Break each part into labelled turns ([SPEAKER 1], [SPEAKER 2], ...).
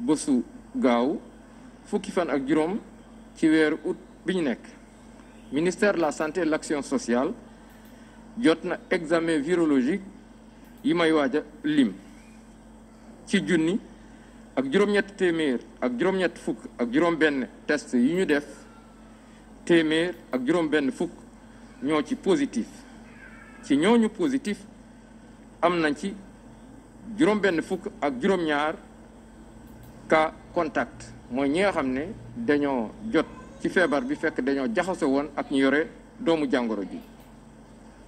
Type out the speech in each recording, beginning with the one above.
[SPEAKER 1] bésu gaaw fukki fan ak juróom ci weeru août bi ñu nekk ministère de la santé et de l'action sociale jot na examen virologique yi may waaj a lim ci junni ak juróom-ñett ak juróom fukk ak juróom-benn test yi ñu def téeméer ak juróom-benn fukk ñoo ci positif ci ñooñu positif am nañ ci juróom-benn fukk ak juróom-ñaar cas contact mooy ñi nga xam ne dañoo jot ci feebar bi fekk dañoo jaxaso woon ak ñu yore doomu jàngoro ji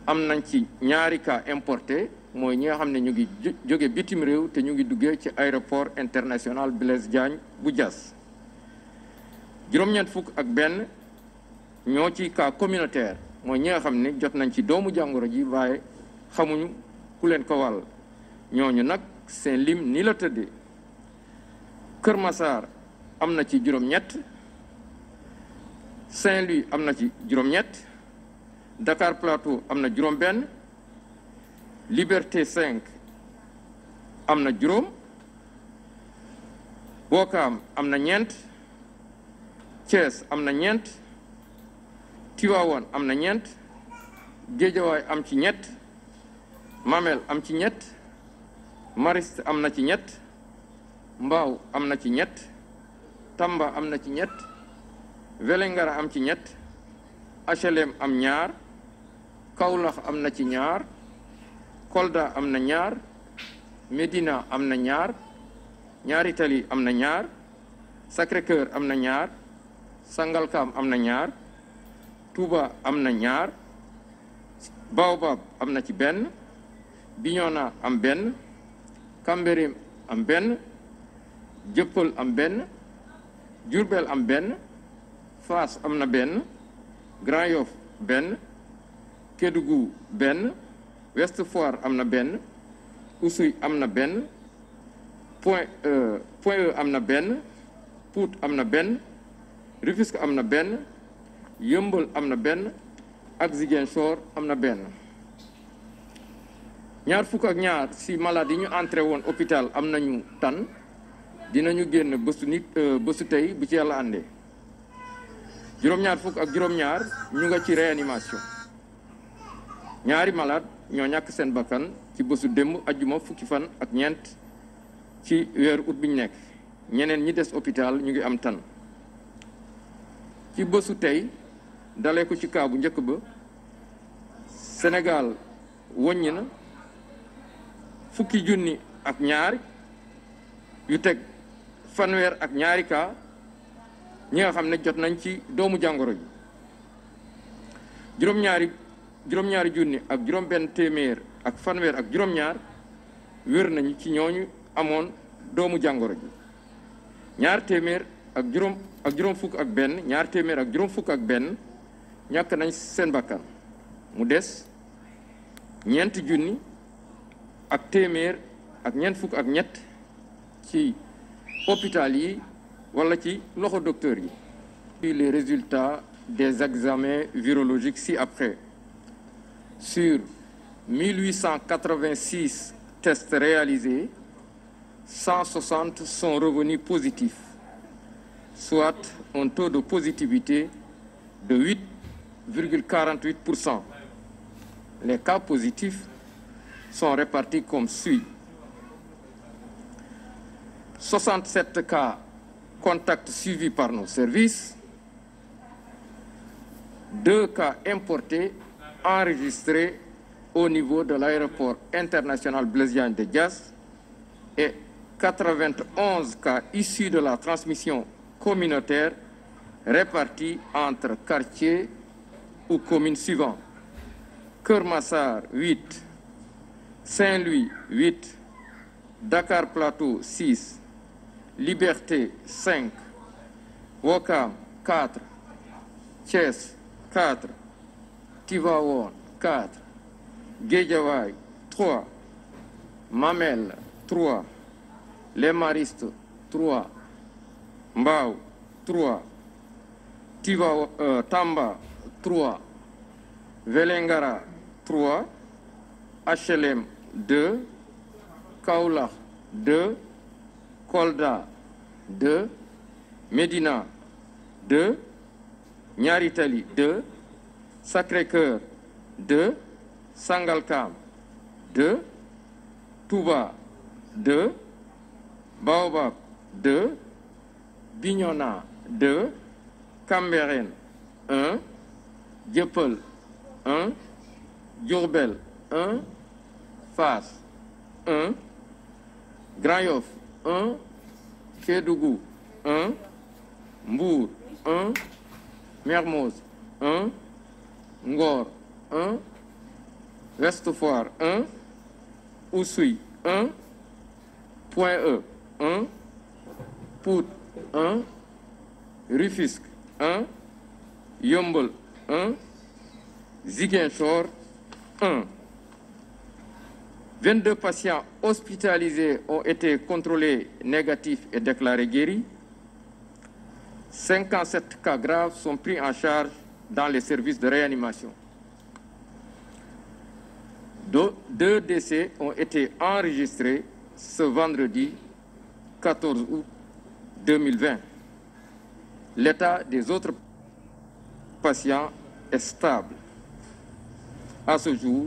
[SPEAKER 1] am nañ ci ñaari kaa importé mooy ñi nga xam ne ñu ngi jóge bitim réew te ñu ngi duggee ci aéroport international Blaise Diagne bu jaas juróom-ñeent fukk ak benn ñoo ci cas communautaire mooy ñi nga xam ne jot nañ ci doomu jàngoro ji baaye xamuñu ku leen ko wàll ñooñu nag seen lim ni la tëddee Kër Massar am na ci juróom-ñett Saint-Louis am na ci juróom-ñett Dakar Plateau am na juróom-benn Liberté 5 am na juróom Ouakam am na ñeent Thiès am na ñeent Tivaouane am na ñeent Guédiawaye am ci ñett Mamel am ci ñett Mariste am na ci ñett mbaaw am na ci ñett tamba am na ci ñett Vélingara am ci ñett HLM am ñaar Kaolack am na ci ñaar Kolda am na ñaar medina am na ñaar Ñaari Tali am na ñaar sacré am na ñaar Sangalkam am na ñaar tuba am na ñaar Baobab am na ci benn Bignona am benn Cambérène am benn jëppal am benn jurbel am benn Fass am na benn Grand Yoff benn Kédougou benn Ouest Foire am na benn Oussouye am na benn Point euh, Point E am na benn Pout am na benn Rufisque am na benn Yëmbal am na benn ak Ziguinchor am na benn ñaar fukk ak ñaar si malade yi ñu entre woon hôpital am nañu tan dinañu génn bésu nit euh, bésu tey bu ci yàlla àndee juróom-ñaar fukk ak juróom-ñaar ñu nga ci réanimation ñaari malaat ñoo ñàkk seen bakkan ci bësu démb ajjuma fukki fan ak ñeent ci weeru ut bi ñu nekk ñeneen ñi des hôpital ñu ngi am tan ci bësu tey dalee ci kaa bu njëkk ba senegal wàññi na fukki junni ak ñaar yu teg fanweer ak ñaari kaa ñi nga xam ne jot nañ ci doomu jàngoro ji juróom-ñaari juróom junni ak juróom-benn téeméer ak fanweer ak juróom-ñaar wér nañu ci ñooñu amoon doomu jàngoro ji ñaar téeméer ak juróom fukk ak benn ñaar téeméer ak juróom fukk ak benn ñàkk nañ seen bakkan mu des ñeent junni ak téeméer ak ñeent fukk ak ñett ci hôpital yi wala ci loxo docteur yi. puis les résultats des examens virologiques ci-après sur 1886 tests réalisés 160 sont revenus positifs soit un taux de positivité de 8,48 pour cent les cas positifs sont répartis comme suit 67 cas contacts suivis par nos services, 2 cas importés enregistrés au niveau de l'aéroport international Blaise Diagne de Diass et 91 cas issus de la transmission communautaire répartis entre quartiers ou communes suivants. Keur Massar 8, Saint-Louis 8, Dakar Plateau Liberté cinq Wakam 4, Thiès 4, Tivaouane 4, Guédiawaye 3, Mamel 3, Les Maristes 3, Mbao 3, Tiva, euh, Tamba 3, Velengara 3, HLM 2, Kaulach Kolda deux Médina deux Ñaari Tali deux Sacré-Cœur deux Sangalkam deux Touba deux Baobab deux Bignona deux Cambérène un Dieuppeul un Diourbel 1 Kédougou 1 Mbour 1 Mermoz 1 Ngor 1 Ouest Foire 1 Oussouye Point E 1 Pout 1 Rufisque 1 Yeumbeul 1 Ziguinchor 22 patients hospitalisés ont été contrôlés négatifs et déclarés guéris. 57 cas graves sont pris en charge dans les services de réanimation. Deux décès ont été enregistrés ce vendredi 14 août 2020. L'état des autres patients est stable. À ce jour,